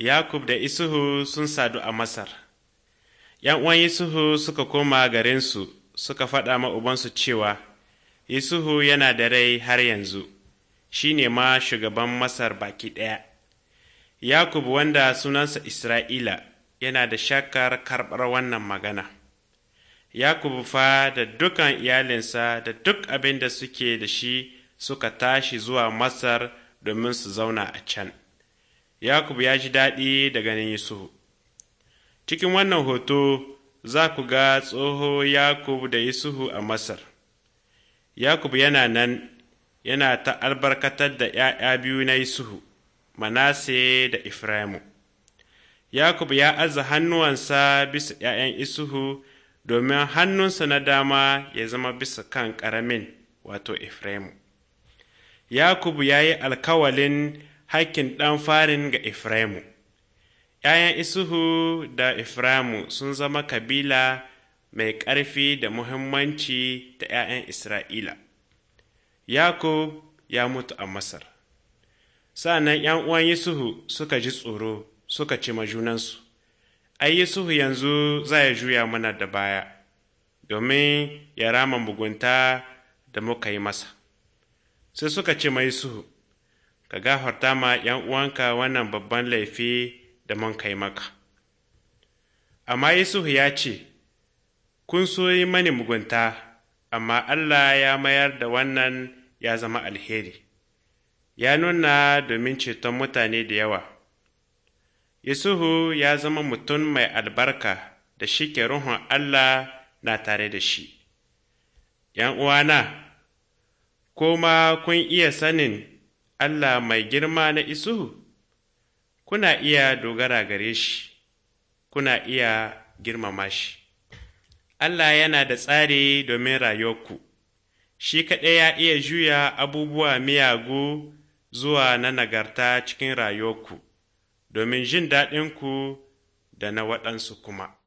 Yakub da Isuhu sun sadu a Masar. yan'uwan uwan Isuhu suka koma garinsu suka faɗa ma'ubansu cewa, Isuhu yana da rai har yanzu, shi ne ma shugaban Masar baki ɗaya. Yakub wanda sunansa Isra'ila yana da shakar karɓar wannan magana. Yakub fa da dukan iyalinsa da duk abin da suke da shi suka tashi zuwa Masar domin su zauna a can. Yakub ya ji daɗi da ganin Yusufu. Cikin wannan hoto za ku ga tsoho Yakub da Yusufu a Masar. Yakub yana nan yana ta albarkatar da ‘ya'ya biyu na Yusufu, Manase da Ifraimu. Yakub ya aza hannuwansa bisa ‘ya'yan Isuhu domin hannunsa na dama ya zama bisa kan ƙaramin, wato Ifraimu. Yakub ya yi alkawalin hakkin ɗan farin ga Efraimu. ’Ya'yan Isuhu da Efraimu sun zama kabila mai ƙarfi da muhimmanci ta ’ya'yan Isra'ila. Yakub ya mutu a Masar. Sa'an ’yan uwan isuhu suka ji tsoro suka ci majunansu, ai, isuhu yanzu za ya juya mana da baya, domin ya rama mugunta da muka yi masa. Sai suka ce mai isuhu ka gafarta ma ‘yan uwanka wannan babban laifi da mun kai maka. Amma Yusuf ya ce, Kun so yi mani mugunta, amma Allah ya mayar da wannan ya zama alheri, ya nuna domin ceton mutane da yawa. Yusufu ya zama mutum mai albarka da shi ke ruhun Allah na tare da shi. ’Yan uwana, ko ma kun iya sanin Allah mai girma na Isuhu, kuna iya dogara gare shi, kuna iya girmama shi. Allah yana da tsari domin rayuwarku, shi kaɗai ya iya juya abubuwa miyagu zuwa na nagarta cikin rayuwarku, domin jin daɗinku da na waɗansu kuma.